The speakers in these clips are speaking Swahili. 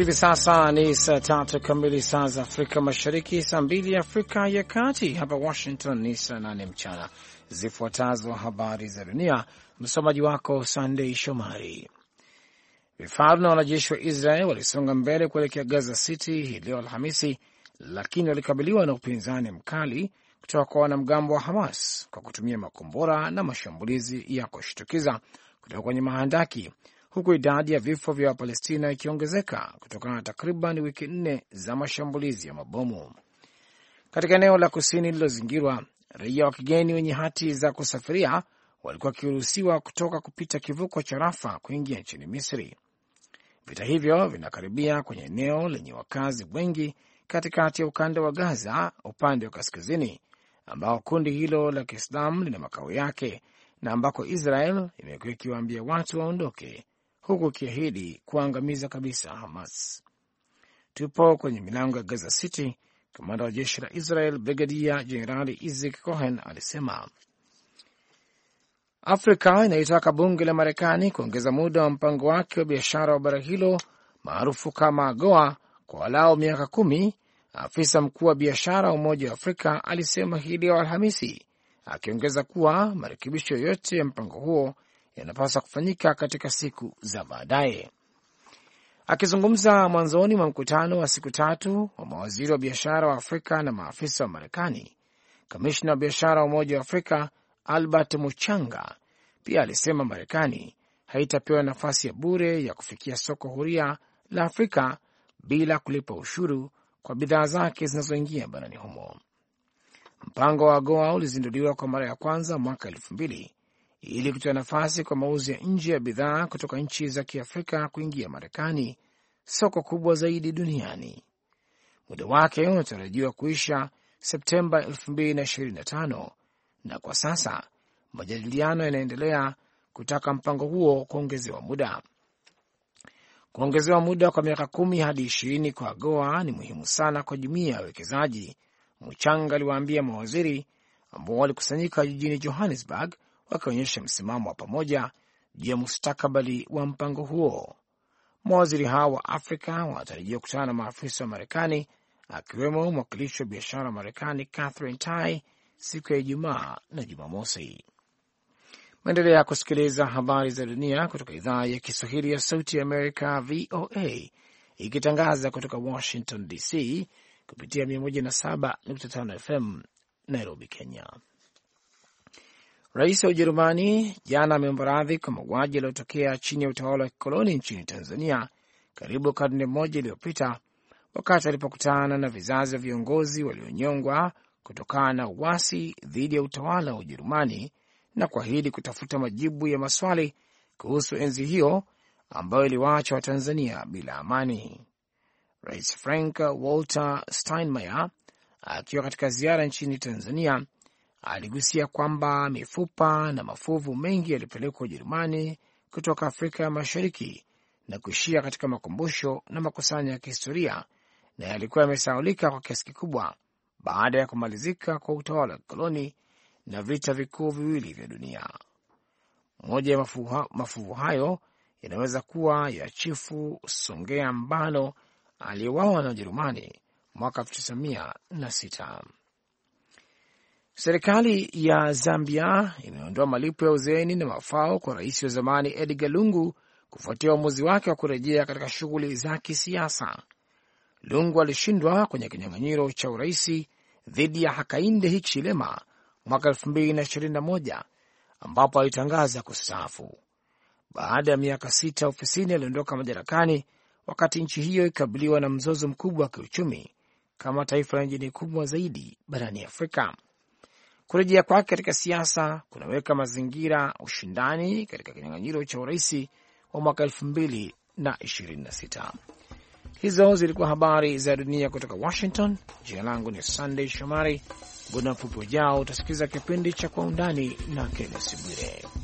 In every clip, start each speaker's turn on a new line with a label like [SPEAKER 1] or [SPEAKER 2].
[SPEAKER 1] Hivi sasa ni saa tatu kamili saa za Afrika Mashariki, saa mbili Afrika ya Kati. Hapa Washington ni saa nane mchana. Zifuatazo habari za dunia, msomaji wako Sandei Shomari. Vifaru na wanajeshi wa Israel walisonga mbele kuelekea Gaza City hii leo Alhamisi, lakini walikabiliwa na upinzani mkali kutoka kwa wanamgambo wa Hamas kwa kutumia makombora na mashambulizi ya kushtukiza kutoka kwenye mahandaki huku idadi ya vifo vya Wapalestina ikiongezeka kutokana na takriban wiki nne za mashambulizi ya mabomu katika eneo la kusini lililozingirwa. Raia wa kigeni wenye hati za kusafiria walikuwa wakiruhusiwa kutoka kupita kivuko cha Rafa kuingia nchini Misri. Vita hivyo vinakaribia kwenye eneo lenye wakazi wengi katikati ya ukanda wa Gaza upande wa kaskazini, ambao kundi hilo la Kiislamu lina makao yake na ambako Israel imekuwa ikiwaambia watu waondoke huku ikiahidi kuangamiza kabisa Hamas. Tupo kwenye milango ya Gaza City, kamanda wa jeshi la Israel Brigadia Jenerali Isaac Cohen alisema. Afrika inaitaka bunge la Marekani kuongeza muda wa mpango wake wa biashara wa bara hilo maarufu kama AGOA kwa walao miaka kumi. Afisa mkuu wa biashara wa Umoja wa Afrika alisema hii leo Alhamisi, akiongeza kuwa marekebisho yoyote ya mpango huo yanapaswa kufanyika katika siku za baadaye. Akizungumza mwanzoni mwa mkutano wa siku tatu wa mawaziri wa biashara wa Afrika na maafisa wa Marekani, kamishna wa biashara wa Umoja wa Afrika Albert Muchanga pia alisema Marekani haitapewa nafasi ya bure ya kufikia soko huria la Afrika bila kulipa ushuru kwa bidhaa zake zinazoingia barani humo. Mpango wa AGOA ulizinduliwa kwa mara ya kwanza mwaka elfu mbili ili kutoa nafasi kwa mauzo ya nje ya bidhaa kutoka nchi za Kiafrika kuingia Marekani, soko kubwa zaidi duniani. Muda wake unatarajiwa kuisha Septemba 2025 na kwa sasa majadiliano yanaendelea kutaka mpango huo kuongezewa muda. Kuongezewa muda kwa miaka kumi hadi ishirini kwa AGOA ni muhimu sana kwa jumuiya ya wawekezaji, Muchanga aliwaambia mawaziri ambao walikusanyika jijini Johannesburg wakionyesha msimamo wa pamoja juu ya mustakabali wa mpango huo. Mawaziri hao wa Afrika wanatarajia kukutana na maafisa wa Marekani akiwemo mwakilishi wa biashara wa Marekani Catherine Tai siku ya Ijumaa na Jumamosi. Maendelea kusikiliza habari za dunia kutoka idhaa ya Kiswahili ya Sauti ya Amerika, VOA, ikitangaza kutoka Washington DC kupitia 107.5 FM Nairobi, Kenya. Rais wa Ujerumani jana ameomba radhi kwa mauaji yaliyotokea chini ya utawala wa kikoloni nchini Tanzania karibu karne moja iliyopita, wakati alipokutana na vizazi vya viongozi walionyongwa kutokana na uasi dhidi ya utawala wa Ujerumani na kuahidi kutafuta majibu ya maswali kuhusu enzi hiyo ambayo iliwaacha Watanzania bila amani. Rais Frank Walter Steinmeier akiwa katika ziara nchini Tanzania aligusia kwamba mifupa na mafuvu mengi yalipelekwa Ujerumani kutoka Afrika ya Mashariki na kuishia katika makumbusho na makusanyo ya kihistoria na yalikuwa yamesaulika kwa kiasi kikubwa baada ya kumalizika kwa utawala wa kikoloni na vita vikuu viwili vya dunia. Moja ya mafuvu hayo yanaweza kuwa ya Chifu Songea mbano aliyewawa na Ujerumani mwaka 96 Serikali ya Zambia imeondoa malipo ya uzeeni na mafao kwa rais wa zamani Edgar Lungu kufuatia uamuzi wake wa kurejea katika shughuli za kisiasa. Lungu alishindwa kwenye kinyang'anyiro cha uraisi dhidi ya Hakainde Hichilema mwaka 221 ambapo alitangaza kustaafu. Baada ya miaka sita ofisini, aliondoka madarakani wakati nchi hiyo ikabiliwa na mzozo mkubwa wa kiuchumi kama taifa la njini kubwa zaidi barani Afrika. Kurejea kwake katika siasa kunaweka mazingira ushindani katika kinyang'anyiro cha uraisi wa mwaka elfu mbili na ishirini na sita. Hizo zilikuwa habari za dunia kutoka Washington. Jina langu ni Sandey Shomari. Muda mfupi ujao utasikiliza kipindi cha Kwa Undani na Kennes Bwire.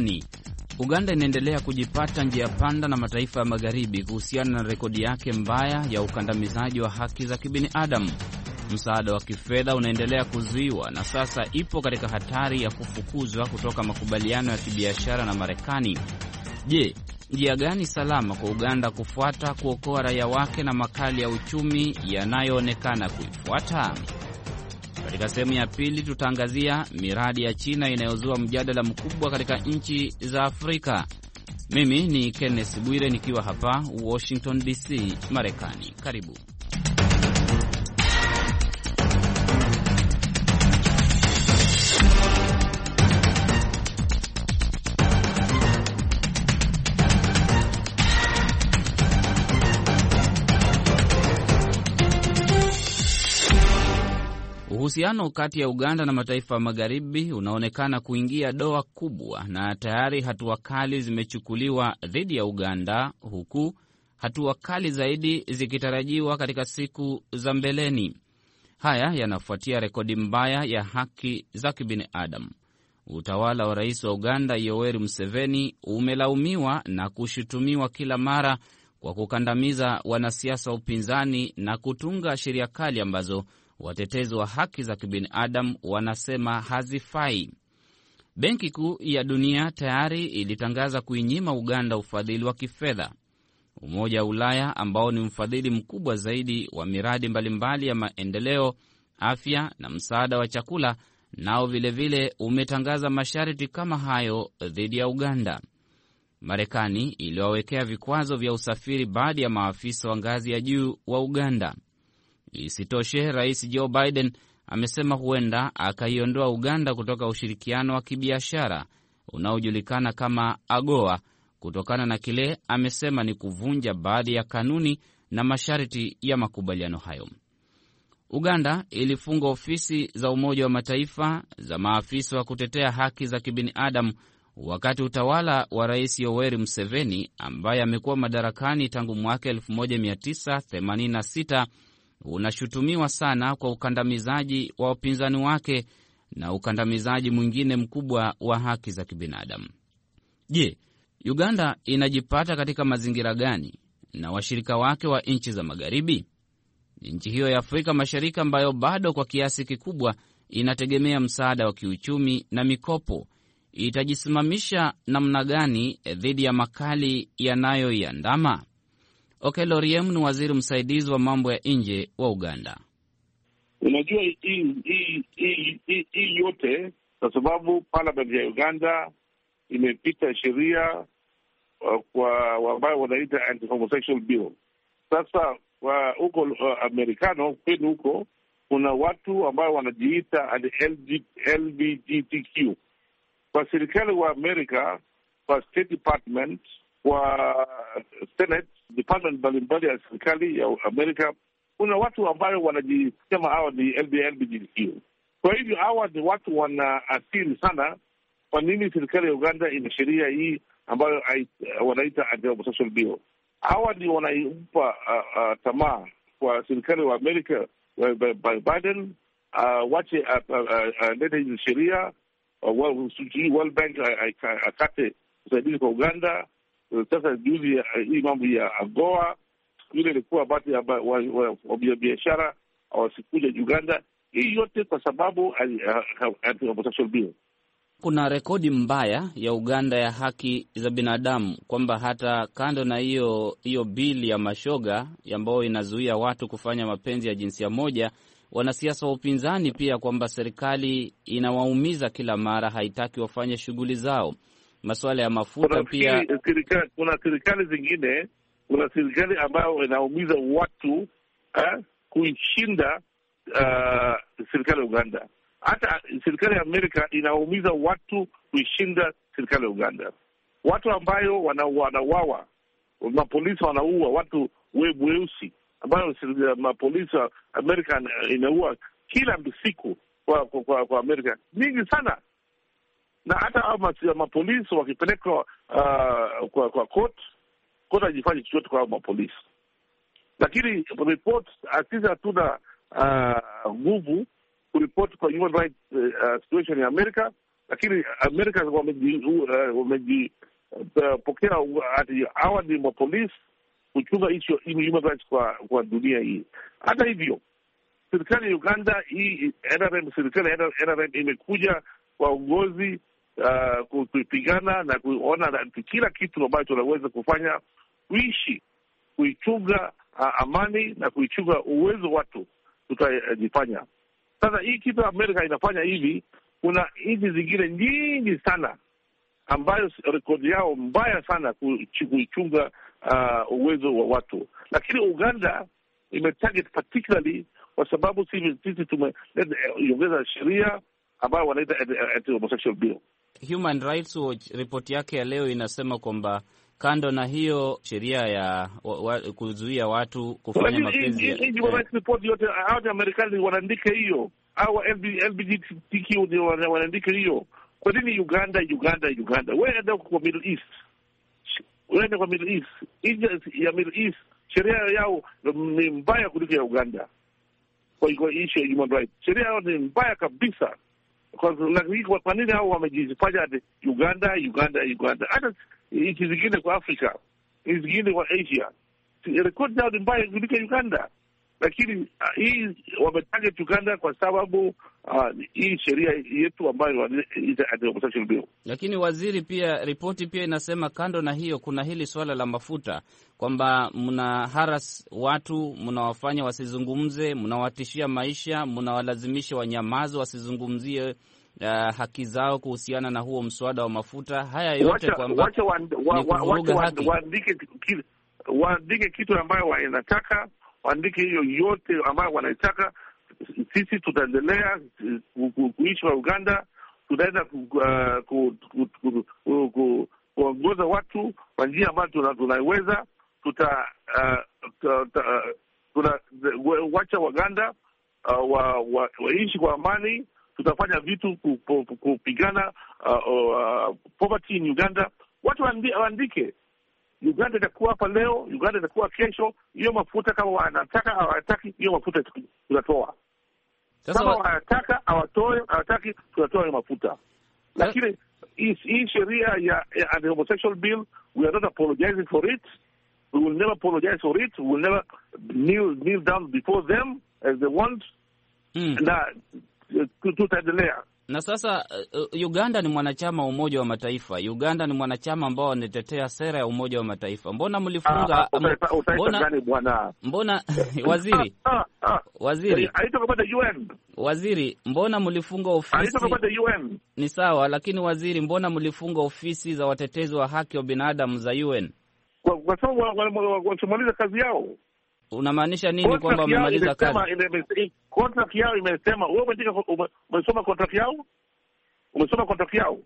[SPEAKER 2] Marekani. Uganda inaendelea kujipata njia panda na mataifa ya magharibi kuhusiana na rekodi yake mbaya ya ukandamizaji wa haki za kibinadamu. Msaada wa kifedha unaendelea kuzuiwa na sasa ipo katika hatari ya kufukuzwa kutoka makubaliano ya kibiashara na Marekani. Je, njia gani salama kwa Uganda kufuata kuokoa raia wake na makali ya uchumi yanayoonekana kuifuata? Katika sehemu ya pili, tutaangazia miradi ya China inayozua mjadala mkubwa katika nchi za Afrika. Mimi ni Kenneth Bwire nikiwa hapa Washington DC, Marekani. Karibu. Uhusiano kati ya Uganda na mataifa ya magharibi unaonekana kuingia doa kubwa, na tayari hatua kali zimechukuliwa dhidi ya Uganda, huku hatua kali zaidi zikitarajiwa katika siku za mbeleni. Haya yanafuatia rekodi mbaya ya haki za kibinadamu. Utawala wa rais wa Uganda Yoweri Museveni umelaumiwa na kushutumiwa kila mara kwa kukandamiza wanasiasa wa upinzani na kutunga sheria kali ambazo Watetezi wa haki za kibinadamu wanasema hazifai. Benki Kuu ya Dunia tayari ilitangaza kuinyima Uganda ufadhili wa kifedha. Umoja wa Ulaya ambao ni mfadhili mkubwa zaidi wa miradi mbalimbali ya maendeleo, afya na msaada wa chakula, nao vilevile vile umetangaza masharti kama hayo dhidi ya Uganda. Marekani iliwawekea vikwazo vya usafiri baadhi ya maafisa wa ngazi ya juu wa Uganda. Isitoshe, rais Joe Biden amesema huenda akaiondoa Uganda kutoka ushirikiano wa kibiashara unaojulikana kama AGOA kutokana na kile amesema ni kuvunja baadhi ya kanuni na masharti ya makubaliano hayo. Uganda ilifunga ofisi za Umoja wa Mataifa za maafisa wa kutetea haki za kibinadamu wakati utawala wa Rais Yoweri Museveni ambaye amekuwa madarakani tangu mwaka 1986 unashutumiwa sana kwa ukandamizaji wa wapinzani wake na ukandamizaji mwingine mkubwa wa haki za kibinadamu. Je, Uganda inajipata katika mazingira gani na washirika wake wa nchi za magharibi? Nchi hiyo ya Afrika Mashariki ambayo bado kwa kiasi kikubwa inategemea msaada wa kiuchumi na mikopo itajisimamisha namna gani dhidi ya makali yanayoiandama? Okello Oryem ni waziri msaidizi wa mambo ya nje wa Uganda.
[SPEAKER 3] Unajua hii yote kwa sababu parliament ya Uganda imepita sheria uh, kwa ambayo wanaita anti-homosexual bill. Sasa huko uh, amerikano kwenu huko kuna watu ambao wanajiita LGBTQ kwa serikali wa Amerika, kwa state department, kwa uh, senate department mbalimbali ya serikali ya Amerika kuna watu ambayo wanajisema hawa ni LGBTQ. Kwa hivyo hawa ni watu asili sana. Kwa nini serikali ya Uganda ina sheria hii ambayo eh, wanaita anti-homosexual bill? Hawa ni wanaimpa uh, ah, uh, ah, tamaa kwa serikali wa Amerika eh, Biden uh, wache alete uh, uh, uh, hizi sheria uh, World Bank akate usaidizi kwa Uganda Eh, sasa juzi eh, hii mambo ya AGOA yule ilikuwa bati wafanyabiashara hawasikuja Uganda. Hii yote kwa sababu
[SPEAKER 2] kuna rekodi mbaya ya Uganda ya haki za binadamu, kwamba hata kando na hiyo hiyo bili ya mashoga ambayo inazuia watu kufanya mapenzi ya jinsia moja, wanasiasa wa upinzani pia, kwamba serikali inawaumiza kila mara, haitaki wafanye shughuli zao masuala ya mafuta kuna pia eh,
[SPEAKER 3] sirikali, kuna serikali zingine, kuna serikali ambayo inaumiza watu ha, eh, kuishinda uh, eh, serikali ya Uganda. Hata serikali ya Amerika inaumiza watu kuishinda serikali ya Uganda, watu ambayo wanawawa, mapolisi wanaua watu weusi ambayo mapolisi wa Amerika inaua kila siku kwa, kwa, kwa Amerika nyingi sana na hata hao mapolisi wakipelekwa uh, kwa kwa court court hajifanyi chochote kwa hao mapolisi, lakini report asisi hatuna uh, nguvu uh, kuripoti kwa human rights uh, uh situation ya Amerika, lakini Amerika wamejipokea uh, uh, ati hawa ni mapolisi kuchunga ishu human rights kwa kwa dunia hii. Hata hivyo serikali ya Uganda hii NRM, serikali ya NRM imekuja kwa uongozi uh, kuipigana na kuona kila kitu ambacho tunaweza kufanya kuishi, kuichunga uh, amani na kuichunga uwezo watu tutajifanya. Uh, sasa hii kitu Amerika inafanya hivi, kuna nchi zingine nyingi sana ambayo rekodi yao mbaya sana kuichunga uh, uwezo wa watu, lakini Uganda imetarget particularly kwa sababu sisi tumeongeza eh, sheria ambayo wanaita homosexual bill.
[SPEAKER 2] Human Rights Watch ripoti yake ya leo inasema kwamba kando na hiyo sheria ya wa, wa, kuzuia watu kufanya mapenzi eh.
[SPEAKER 3] ripoti yote hao Marekani wanaandika hiyo au LGBTQ wanaandika hiyo. Kwa nini Uganda, Uganda, Uganda? Wewe enda kwa Middle East, wewe enda kwa Middle East. Nchi ya Middle East sheria yao ni mbaya kuliko ya Uganda. Kwa hiyo issue ya human rights sheria yao ni mbaya kabisa. Kwa nini hao wamejifanya Uganda, Uganda, Uganda? Hata nchi zingine kwa Afrika, nchi zingine kwa Asia, rekodi yao ni mbaya kuliko Uganda lakini uh, hii wametaja Uganda kwa sababu uh, hii sheria yetu ambayo
[SPEAKER 2] Lakini waziri, pia ripoti pia inasema kando na hiyo, kuna hili suala la mafuta kwamba mna haras watu, mnawafanya wasizungumze, mnawatishia maisha, mnawalazimisha wanyamazi wasizungumzie Uh, haki zao kuhusiana na huo mswada wa mafuta. Haya yote kwamba
[SPEAKER 3] waandike kitu ambayo wanataka, waandike hiyo yote ambayo wanaitaka. Sisi tutaendelea kuishi wa Uganda, tutaenda kuongoza watu kwa njia ambayo tunaiweza, uh, tunawacha Waganda uh, waishi kwa amani. Tutafanya vitu kupigana uh, poverty in Uganda. Watu waandike Uganda itakuwa hapa leo, Uganda itakuwa kesho. Hiyo mafuta kama wanataka hawataki, hiyo mafuta tunatoa. Sasa Kama wanataka awatoe, hawataki, tunatoa hiyo mafuta. Lakini hii sheria ya, ya anti homosexual bill, we are not apologizing for it, we will never apologize for it, we will never kneel, kneel down before them as they want mm. na tutaendelea
[SPEAKER 2] na sasa uh, Uganda ni mwanachama wa Umoja wa Mataifa. Uganda ni mwanachama ambao wanatetea sera ya Umoja wa Mataifa. Mbona mlifunga ah, ah, mbona, mbona waziri ah, waziri eh, waziri, mbona mlifunga ofisi? Ni sawa, lakini waziri, mbona mlifunga ofisi za watetezi wa haki wa binadamu za UN?
[SPEAKER 3] Kwa sababu kazi yao
[SPEAKER 2] unamaanisha nini kwamba wamemaliza
[SPEAKER 3] kazi? Contract yao imesema, wewe umesoma contract yao, umesoma contract yao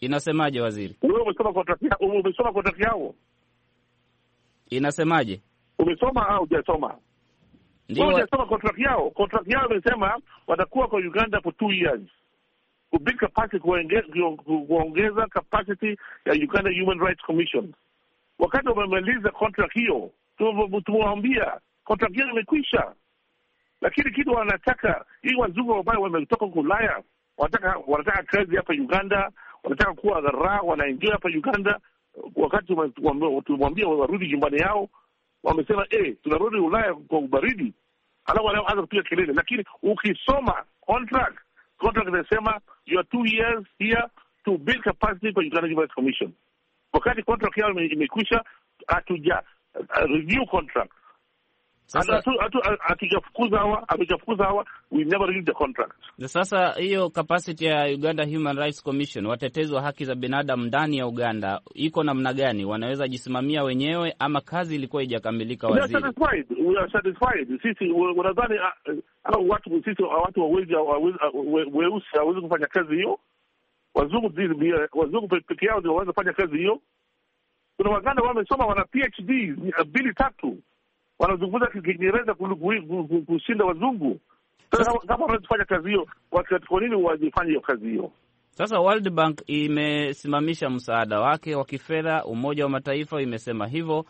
[SPEAKER 2] inasemaje waziri?
[SPEAKER 3] Wewe umesoma contract yao, umesoma contract yao
[SPEAKER 2] inasemaje?
[SPEAKER 3] Umesoma au hujasoma? Ndio hujasoma contract yao. Contract yao imesema watakuwa kwa Uganda for two years kubuild capacity, kuongeza capacity ya Uganda Human Rights Commission. Wakati wamemaliza contract hiyo tuwaambia kontrakti yao imekwisha, lakini kitu wanataka hii wazungu ambayo wametoka huko Ulaya wanataka wanataka kazi hapa Uganda, wanataka kuwa raha, wanaenjoy hapa Uganda. Wakati tumwambia warudi nyumbani yao, wamesema eh, tunarudi Ulaya kwa ubaridi, alafu wanaanza kupiga kelele. Lakini ukisoma contract, contract inasema your two years here to build capacity for Uganda Human Rights Commission. Wakati contract yao imekwisha, hatuja uh, renew contract sasa, hawa hawa, we never renew the contract.
[SPEAKER 2] Sasa hiyo capacity ya Uganda Human Rights Commission, watetezi wa haki za binadamu ndani ya Uganda iko namna gani? Wanaweza jisimamia wenyewe ama kazi ilikuwa haijakamilika? we are
[SPEAKER 3] satisfied, we are satisfied. Sisi au ah, eh, watu sisi ah, watu wawezi ah, weusi hawezi kufanya kazi hiyo? Wazungu eh, wazungu peke yao ndio waweza kufanya kazi hiyo? kuna Waganda wamesoma, wana PhD eh, mbili tatu, wanazungumza Kiingereza kushinda wazungu. kama wanaweza kufanya kazi hiyo, kwa nini wajifanye hiyo kazi hiyo?
[SPEAKER 2] Sasa World Bank imesimamisha msaada wake wa kifedha, Umoja wa Mataifa imesema hivyo,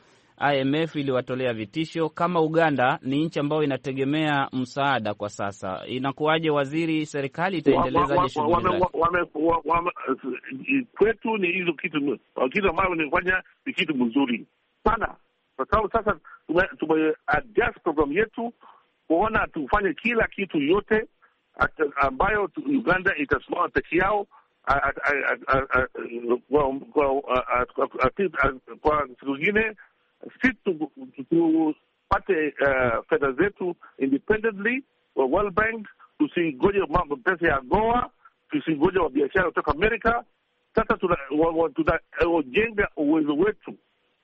[SPEAKER 2] IMF iliwatolea vitisho. Kama Uganda ni nchi ambayo inategemea msaada kwa sasa, inakuwaje waziri, serikali itaendelezaje shughuli
[SPEAKER 3] kwetu? Ni hizo kitu kitu ambayo imefanya ni kitu mzuri sana, kwa sababu sasa tumeadjust yetu kuona tufanye kila kitu yote ambayo Uganda itasimama peke yao kwa siku ingine sisi tupate uh, eh, fedha zetu independently wa World Bank, tusingoje mambo pesa ya Goa, tusingoje wa kutoka Amerika. Sasa tunajenga eh, uwezo wetu,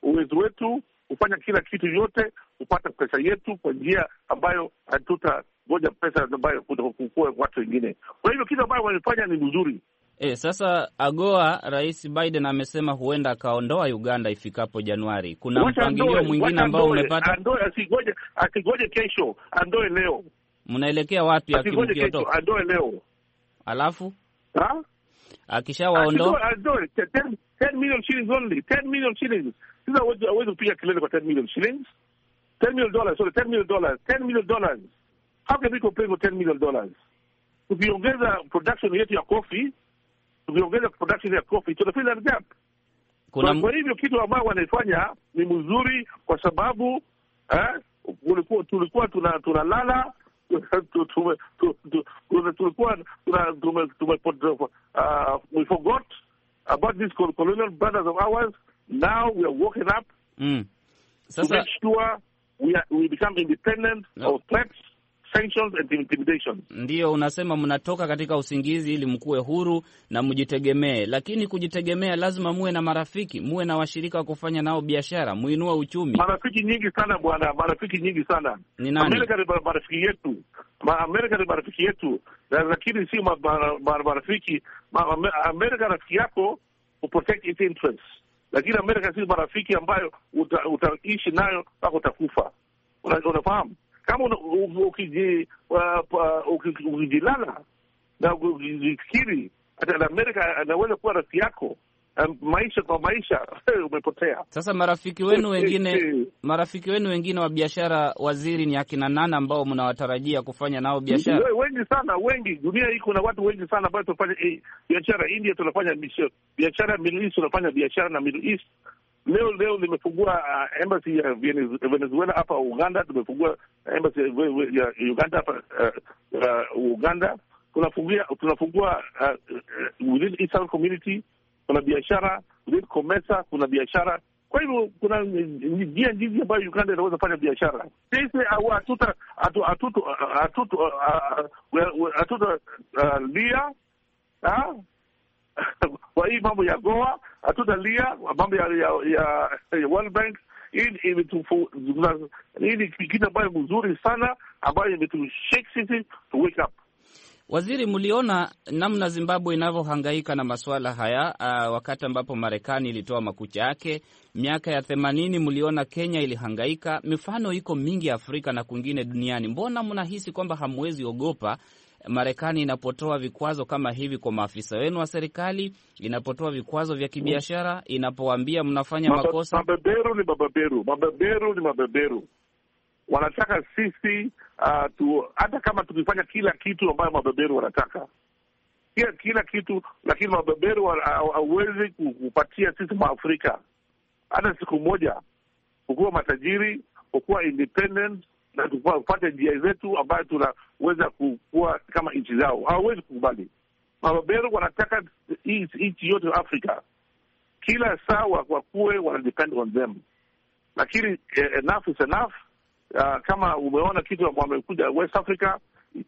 [SPEAKER 3] uwezo wetu hufanya kila kitu yote, kupata pesa yetu kwa njia ambayo hatutagoja pesa ambayo kuwa watu wengine. Kwa hivyo kitu ambayo wamefanya ni mzuri.
[SPEAKER 2] E, sasa AGOA Rais Biden amesema huenda akaondoa Uganda ifikapo Januari. Kuna mpangilio mwingine ambao umepata,
[SPEAKER 3] andoe asigoje, asigoje kesho, andoe leo.
[SPEAKER 2] Mnaelekea wapi akimkiotoka? Andoe leo alafu ha? Akishawaondoa
[SPEAKER 3] andoe 10 million shillings only, 10 million shillings. Sasa hawezi kupiga kelele kwa 10 million shillings, 10 million dollars, sorry, 10 million dollars, 10 million dollars. How can we complain with 10 million dollars? Ukiongeza production yetu ya coffee tukiongeza production ya coffee tutafila gap. Kuna... kwa hivyo kitu ambao wanaifanya ni mzuri, kwa sababu eh, ulikuwa, tulikuwa tunalala tulikuwa we forgot about this colonial brothers of ours now we are woken up
[SPEAKER 2] mm. Sasa... to make sure we, are, we become
[SPEAKER 3] independent no. of threats
[SPEAKER 2] sanctions and intimidation. Ndiyo, unasema mnatoka katika usingizi ili mkuwe huru na mjitegemee, lakini kujitegemea lazima muwe na marafiki, muwe na washirika wa kufanya nao biashara, muinue uchumi.
[SPEAKER 3] Marafiki nyingi sana bwana, marafiki nyingi sana. Ni nani? Amerika ni marafiki yetu, Amerika ni marafiki yetu, lakini si marafiki. Amerika rafiki yako protect its interests, lakini Amerika si marafiki ambayo utaishi uta nayo mpaka utakufa. Unafahamu? kama ukijilala na ukifikiri hata Amerika anaweza kuwa rafiki yako um, maisha kwa maisha
[SPEAKER 2] umepotea. Sasa marafiki wenu wengine marafiki wenu wengine wa biashara, waziri, ni akina nana ambao mnawatarajia kufanya nao biashara?
[SPEAKER 3] Wengi sana, wengi. Dunia hii kuna watu wengi sana ambao tunafanya eh, biashara. India tunafanya biashara, Middle East tunafanya biashara na Middle East leo leo limefungua uh, embassy ya Venezuela hapa Uganda, tumefungua embassy ya Uganda hapa uh, uh, Uganda. Tunafungia, tunafungua uh, uh within Eastern Community kuna biashara within Comesa kuna biashara. Kwa hivyo kuna njia nyingi ambayo Uganda inaweza fanya biashara. Sisi hatuta uh, uh, hatuta lia kwa hii mambo ya Goa hatutalia, mambo ya, ya, ya, ya World Bank hii ni kitu ambayo mzuri sana ambayo imetushake sisi to wake up.
[SPEAKER 2] Waziri, mliona namna Zimbabwe inavyohangaika na masuala haya uh, wakati ambapo Marekani ilitoa makucha yake miaka ya themanini. Mliona Kenya ilihangaika, mifano iko mingi Afrika na kwingine duniani. Mbona mnahisi kwamba hamwezi ogopa Marekani inapotoa vikwazo kama hivi kwa maafisa wenu wa serikali, inapotoa vikwazo vya kibiashara, inapowaambia mnafanya makosamabeberu
[SPEAKER 3] makosa, mabeberu ni mabeberu, mabeberu ni mabeberu. Wanataka sisi uh, kama tukifanya kila kitu ambayo mabeberu wanataka kila kila kitu, lakini mabeberu hawezi kupatia sisi Maafrika hata siku moja kukuwa matajiri, kukuwa independent na tupate njia zetu ambayo tunaweza kukuwa kama nchi zao. Hawawezi kukubali mababero, wanataka nchi yote Afrika kila sawa wakuwe wana depend on them, lakini eh, enough is enough. Uh, kama umeona kitu wamekuja West Africa,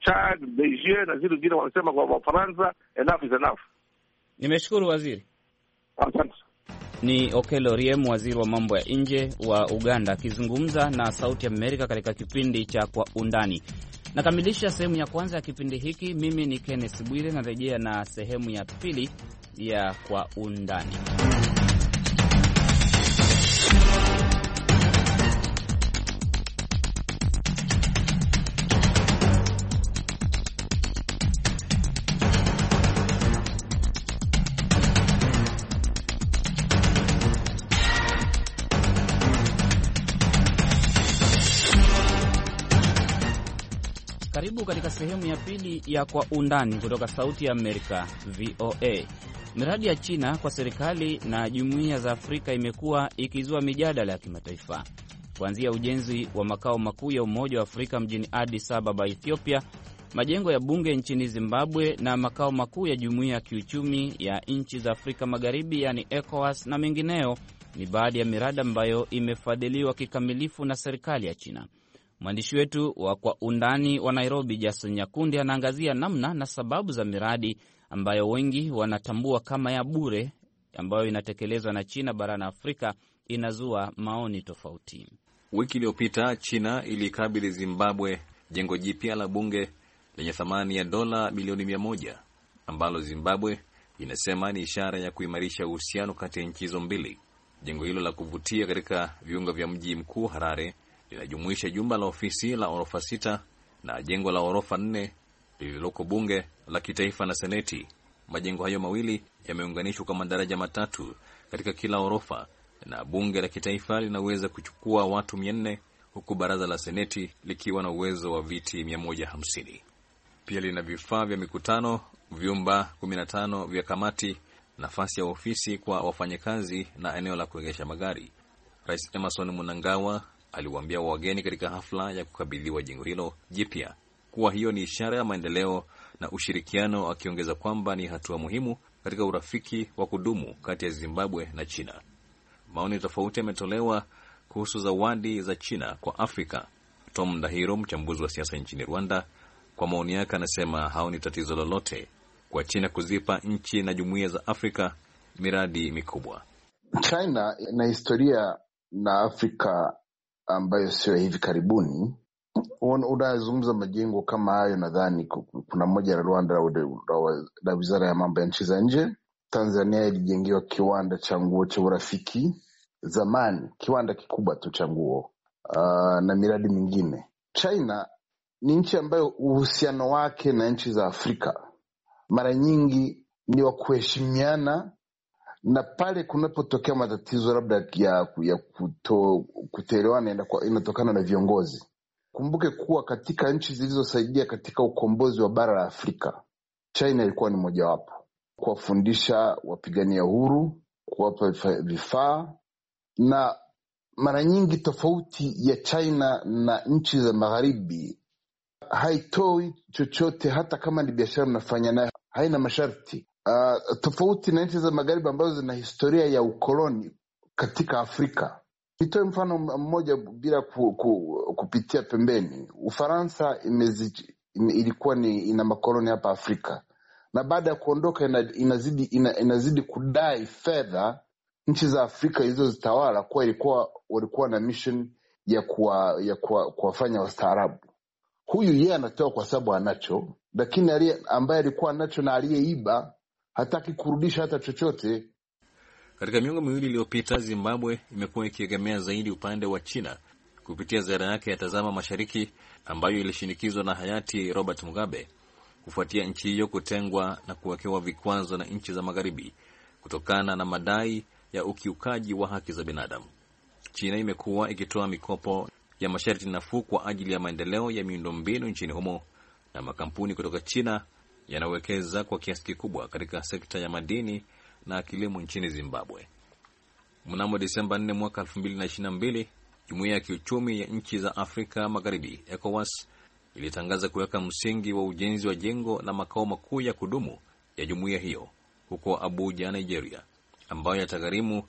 [SPEAKER 3] Chad, Niger na zile zingine wanasema kwa Wafaransa, enough is enough.
[SPEAKER 2] Nimeshukuru waziri, asante. Ni Okelo Riem, waziri wa mambo ya nje wa Uganda, akizungumza na Sauti Amerika katika kipindi cha Kwa Undani. Nakamilisha sehemu ya kwanza ya kipindi hiki. Mimi ni Kenneth Bwire, narejea na sehemu ya pili ya Kwa Undani. katika sehemu ya pili ya Kwa Undani kutoka Sauti ya Amerika, VOA. Miradi ya China kwa serikali na jumuiya za Afrika imekuwa ikizua mijadala ya kimataifa kuanzia ujenzi wa makao makuu ya Umoja wa Afrika mjini Addis Ababa, Ethiopia, majengo ya bunge nchini Zimbabwe na makao makuu ya jumuiya ya kiuchumi ya nchi za Afrika Magharibi, yani ECOWAS na mengineyo, ni baadhi ya miradi ambayo imefadhiliwa kikamilifu na serikali ya China. Mwandishi wetu wa Kwa Undani wa Nairobi, Jason Nyakundi, anaangazia namna na sababu za miradi ambayo wengi wanatambua kama ya bure ambayo inatekelezwa na China barani Afrika inazua maoni tofauti.
[SPEAKER 4] Wiki iliyopita China ilikabili Zimbabwe jengo jipya la bunge lenye thamani ya dola milioni mia moja ambalo Zimbabwe inasema ni ishara ya kuimarisha uhusiano kati ya nchi hizo mbili. Jengo hilo la kuvutia katika viunga vya mji mkuu Harare linajumuisha jumba la ofisi la orofa sita na jengo la orofa nne lililoko bunge la kitaifa na seneti. Majengo hayo mawili yameunganishwa kwa madaraja matatu katika kila orofa, na bunge la kitaifa linaweza kuchukua watu mia nne huku baraza la seneti likiwa na uwezo wa viti 150. Pia lina vifaa vya mikutano, vyumba 15 vya kamati, nafasi ya ofisi kwa wafanyakazi na eneo la kuegesha magari. Rais Emerson Mnangagwa aliwaambia wageni katika hafla ya kukabidhiwa jengo hilo jipya kuwa hiyo ni ishara ya maendeleo na ushirikiano, akiongeza kwamba ni hatua muhimu katika urafiki wa kudumu kati ya Zimbabwe na China. Maoni tofauti yametolewa kuhusu zawadi za China kwa Afrika. Tom Ndahiro, mchambuzi wa siasa nchini Rwanda, kwa maoni yake anasema haoni tatizo lolote kwa China kuzipa nchi na jumuiya za Afrika miradi mikubwa.
[SPEAKER 5] China ina historia na Afrika ambayo sio hivi karibuni. Unazungumza majengo kama hayo, nadhani kuna moja la Rwanda la wizara ya mambo ya nchi za nje. Tanzania ilijengewa kiwanda cha nguo cha Urafiki zamani, kiwanda kikubwa tu cha nguo uh, na miradi mingine. China ni nchi ambayo uhusiano wake na nchi za Afrika mara nyingi ni wa kuheshimiana na pale kunapotokea matatizo labda ya, ya kuto, inatokana na viongozi. Kumbuke kuwa katika nchi zilizosaidia katika ukombozi wa bara la Afrika, China ilikuwa ni mojawapo, kuwafundisha wapigania uhuru, kuwapa vifaa na mara nyingi tofauti ya China na nchi za magharibi haitoi chochote, hata kama ni biashara unafanya nayo haina masharti uh, tofauti na nchi za magharibi ambazo zina historia ya ukoloni katika Afrika. Nitoe mfano mmoja bila ku, ku, kupitia pembeni. Ufaransa imezi, ime, ilikuwa ni ina makoloni hapa Afrika na baada ya kuondoka inazidi, ina, inazidi kudai fedha nchi za Afrika ilizozitawala kuwa ilikuwa walikuwa na mission ya kuwa, ya kuwafanya wastaarabu. Huyu yeye anatoa kwa sababu anacho, lakini ambaye alikuwa anacho na aliyeiba hataki kurudisha hata chochote.
[SPEAKER 4] Katika miongo miwili iliyopita, Zimbabwe imekuwa ikiegemea zaidi upande wa China kupitia ziara yake ya Tazama Mashariki ambayo ilishinikizwa na hayati Robert Mugabe kufuatia nchi hiyo kutengwa na kuwekewa vikwazo na nchi za Magharibi kutokana na madai ya ukiukaji wa haki za binadamu. China imekuwa ikitoa mikopo ya masharti nafuu kwa ajili ya maendeleo ya miundombinu nchini humo na makampuni kutoka China yanawekeza kwa kiasi kikubwa katika sekta ya madini na kilimo nchini Zimbabwe. Mnamo Disemba 4 mwaka 2022, jumuiya ya kiuchumi ya nchi za Afrika Magharibi, ECOWAS, ilitangaza kuweka msingi wa ujenzi wa jengo la makao makuu ya kudumu ya jumuiya hiyo huko Abuja, Nigeria, ambayo yatagharimu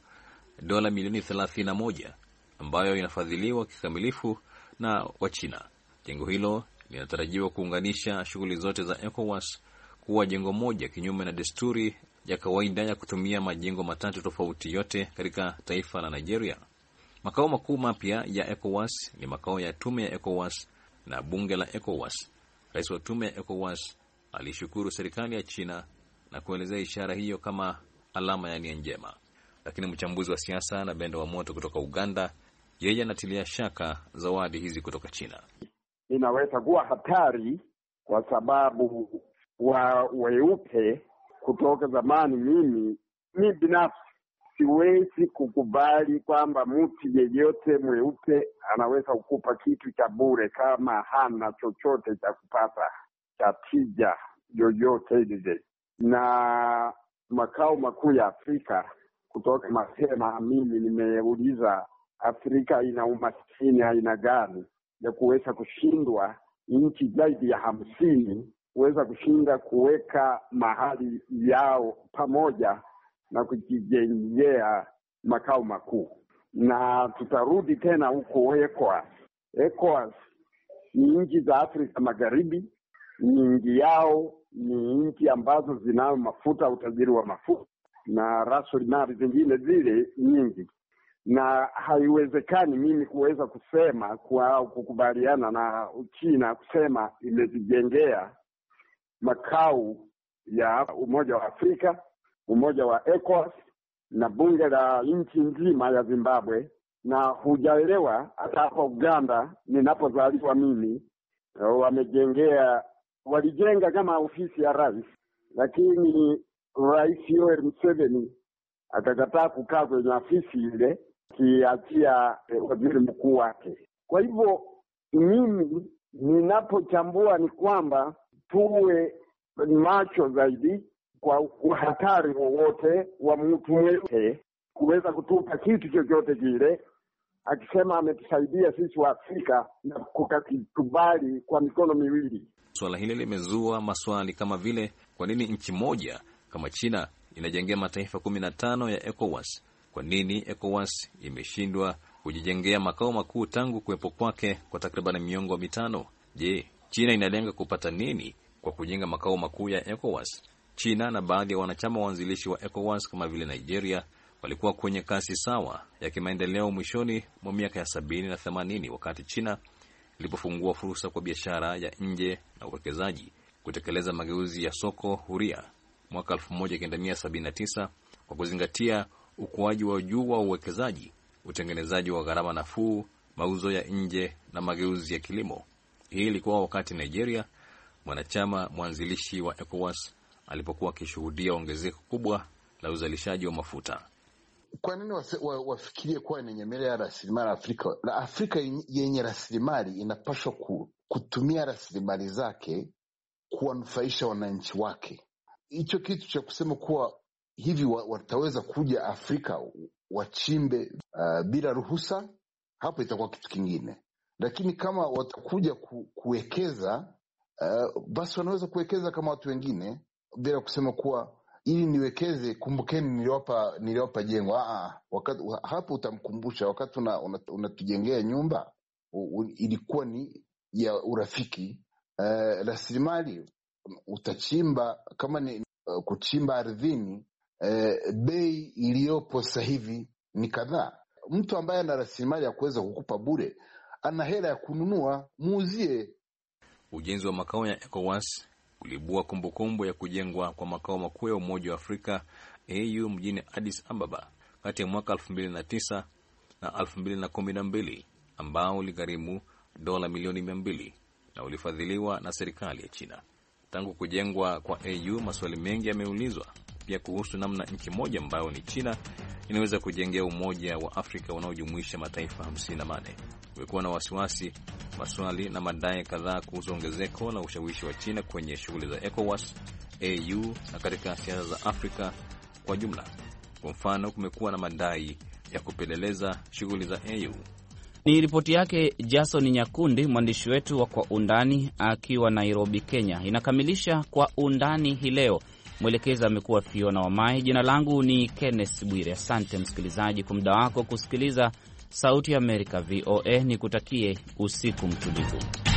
[SPEAKER 4] dola milioni 31 ambayo inafadhiliwa kikamilifu na Wachina. Jengo hilo linatarajiwa kuunganisha shughuli zote za ECOWAS kuwa jengo moja, kinyume na desturi ya kawaida ya kutumia majengo matatu tofauti yote katika taifa la Nigeria. Makao makuu mapya ya ECOWAS ni makao ya tume ya ECOWAS na bunge la ECOWAS. Rais wa tume ya ECOWAS alishukuru serikali ya China na kuelezea ishara hiyo kama alama ya nia njema. Lakini mchambuzi wa siasa na Bendo wa Moto kutoka Uganda, yeye anatilia shaka zawadi hizi kutoka China.
[SPEAKER 6] Inaweza kuwa hatari kwa sababu wa weupe kutoka zamani. Mimi mi binafsi siwezi kukubali kwamba mtu yeyote mweupe anaweza kukupa kitu cha bure kama hana chochote cha kupata cha tija yoyote ile. Na makao makuu ya Afrika kutoka mapema, mimi nimeuliza Afrika ina umaskini aina gani ya kuweza kushindwa nchi zaidi ya hamsini kuweza kushinda kuweka mahali yao pamoja na kujijengea makao makuu, na tutarudi tena huko ECOWAS. ECOWAS ni nchi za Afrika Magharibi, nyingi yao ni nchi ambazo zinayo mafuta, utajiri wa mafuta na rasilimali zingine zile nyingi, na haiwezekani mimi kuweza kusema au kukubaliana na China kusema imezijengea makao ya Umoja wa Afrika, Umoja wa ECOWAS na bunge la nchi nzima ya Zimbabwe, na hujaelewa hata hapa Uganda ninapozaliwa mimi, wamejengea walijenga kama ofisi ya rais, lakini Rais Yoweri Museveni akakataa kukaa kwenye afisi ile, akiachia eh, waziri mkuu wake. Kwa hivyo mimi ninapochambua ni kwamba tuwe macho zaidi kwa uhatari wowote wa mtu mweupe kuweza kutupa kitu chochote kile, akisema ametusaidia sisi waafrika na kukakikubali
[SPEAKER 4] kwa mikono miwili. Suala hili limezua maswali kama vile, kwa nini nchi moja kama China inajengea mataifa kumi na tano ya ECOWAS? Kwa nini ECOWAS imeshindwa kujijengea makao makuu tangu kuwepo kwake kwa takriban miongo mitano? Je, China inalenga kupata nini kwa kujenga makao makuu ya ECOWAS? China na baadhi ya wanachama waanzilishi wa ECOWAS kama vile Nigeria walikuwa kwenye kasi sawa ya kimaendeleo mwishoni mwa miaka ya sabini na themanini wakati China ilipofungua fursa kwa biashara ya nje na uwekezaji, kutekeleza mageuzi ya soko huria mwaka 1979 kwa kuzingatia ukuaji wa juu wa uwekezaji, utengenezaji wa gharama nafuu, mauzo ya nje na mageuzi ya kilimo. Hii ilikuwa wakati Nigeria, mwanachama mwanzilishi wa ECOWAS, alipokuwa akishuhudia ongezeko kubwa la uzalishaji wa mafuta.
[SPEAKER 5] Kwa nini wafikirie kuwa nenyemelea ya rasilimali Afrika? Na Afrika yenye rasilimali inapaswa kutumia rasilimali zake kuwanufaisha wananchi wake. Hicho kitu cha kusema kuwa hivi wataweza kuja Afrika wachimbe uh, bila ruhusa, hapo itakuwa kitu kingine lakini kama watakuja ku, kuwekeza uh, basi wanaweza kuwekeza kama watu wengine bila kusema kuwa ili niwekeze, kumbukeni niliwapa niliwapa jengo. Aa, wakati, hapo utamkumbusha wakati unatujengea una, una nyumba u, u, ilikuwa ni ya urafiki uh, rasilimali utachimba kama ni uh, kuchimba ardhini uh, bei iliyopo sasa hivi ni kadhaa. Mtu ambaye ana rasilimali ya kuweza kukupa bure ana hela ya kununua, muuzie.
[SPEAKER 4] Ujenzi wa makao ya ECOWAS ulibua kumbukumbu ya kujengwa kwa makao makuu ya Umoja wa Afrika AU mjini Addis Ababa kati ya mwaka 2009 na 2012 ambao uligharimu dola milioni 200 na ulifadhiliwa na serikali ya China. Tangu kujengwa kwa AU, maswali mengi yameulizwa pia kuhusu namna nchi moja ambayo ni China inaweza kujengea Umoja wa Afrika unaojumuisha mataifa 58. Kumekuwa na wasiwasi, maswali na madai kadhaa kuhusu ongezeko la ushawishi wa China kwenye shughuli za ECOWAS, AU na katika siasa za Afrika kwa jumla. Kwa mfano, kumekuwa na madai ya kupeleleza shughuli za AU
[SPEAKER 2] ni ripoti yake Jason Nyakundi, mwandishi wetu wa Kwa Undani akiwa Nairobi, Kenya. Inakamilisha Kwa Undani hii leo. Mwelekezi amekuwa Fiona Wamai. Jina langu ni Kenneth Bwire. Asante msikilizaji kwa muda wako kusikiliza Sauti ya Amerika, VOA. Nikutakie usiku mtulivu.